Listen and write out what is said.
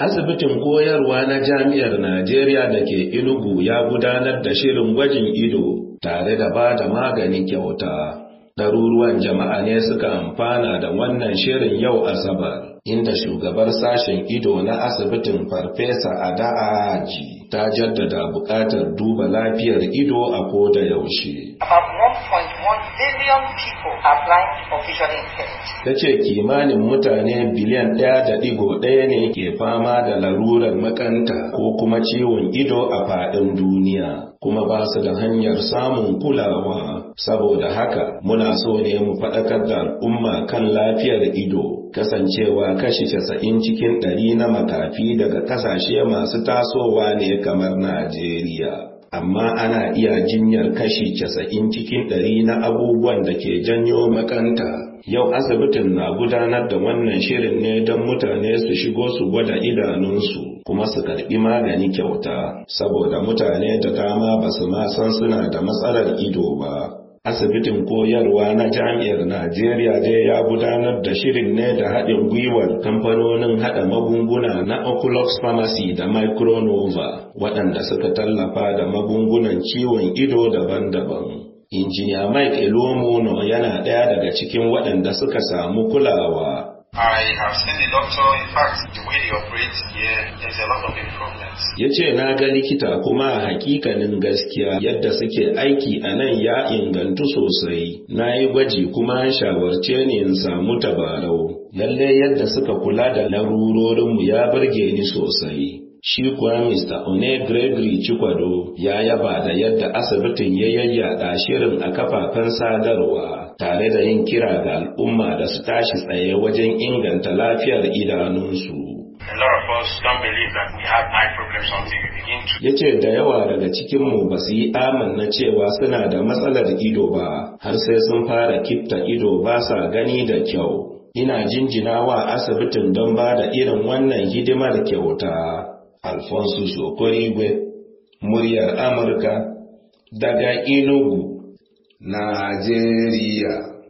Asibitin koyarwa na Jami'ar Najeriya da ke Inugu ya gudanar da shirin gwajin ido tare da ba da magani kyauta. Ɗaruruwan jama'a ne suka amfana da wannan shirin yau Asabar. inda shugabar sashen ido na asibitin farfesa a ada'aji ta jaddada buƙatar duba lafiyar ido a koda yaushe. Ta ce kimanin mutane biliyan ɗaya da ɗigo ɗaya ne ke fama da larurar makanta ko kuma ciwon ido a faɗin duniya, kuma ba su da hanyar samun kulawa. saboda haka muna so ne mu faɗakar da al'umma kan lafiyar ido kasancewa kashi casa'in cikin ɗari na makafi daga ƙasashe masu tasowa ne kamar Najeriya. Amma ana iya jinyar kashi casa'in cikin ɗari na abubuwan da ke janyo makanta. Yau asibitin na gudanar da wannan shirin ne don mutane su shigo su gwada idanunsu kuma su karɓi magani kyauta, saboda mutane da dama ba su ma san suna da matsalar ido ba. asibitin koyarwa na jami'ar najeriya dai ya gudanar da shirin ne da haɗin gwiwar kamfanonin haɗa magunguna na oculox pharmacy da micronova waɗanda suka tallafa da magungunan ciwon ido daban-daban injiniya mike elomono yana ɗaya daga cikin waɗanda suka samu kulawa I have seen the doctor, in fact, the way he operates here ya ce na ga likita kuma hakikanin gaskiya yadda suke aiki a nan ya ingantu sosai na yi gwaji kuma shawarce ne in samu tabarau lalle yadda suka kula da larurorinmu ya burge ni sosai shi kuwa Mr. One Gregory Chikwado ya yaba da yadda asibitin ya yayyada shirin a kafafen sadarwa tare da yin kira ga al'umma da su tashi tsaye wajen inganta lafiyar idanunsu. Ya ce da yawa daga cikinmu ba su yi amanna cewa suna da matsalar ido ba, har sai sun fara kifta ido ba sa gani da kyau. Ina jinjina wa asibitin don ba da irin wannan hidimar kyauta. Alfonso Sokorigwe, muryar Amurka, daga Inugu, Najeriya.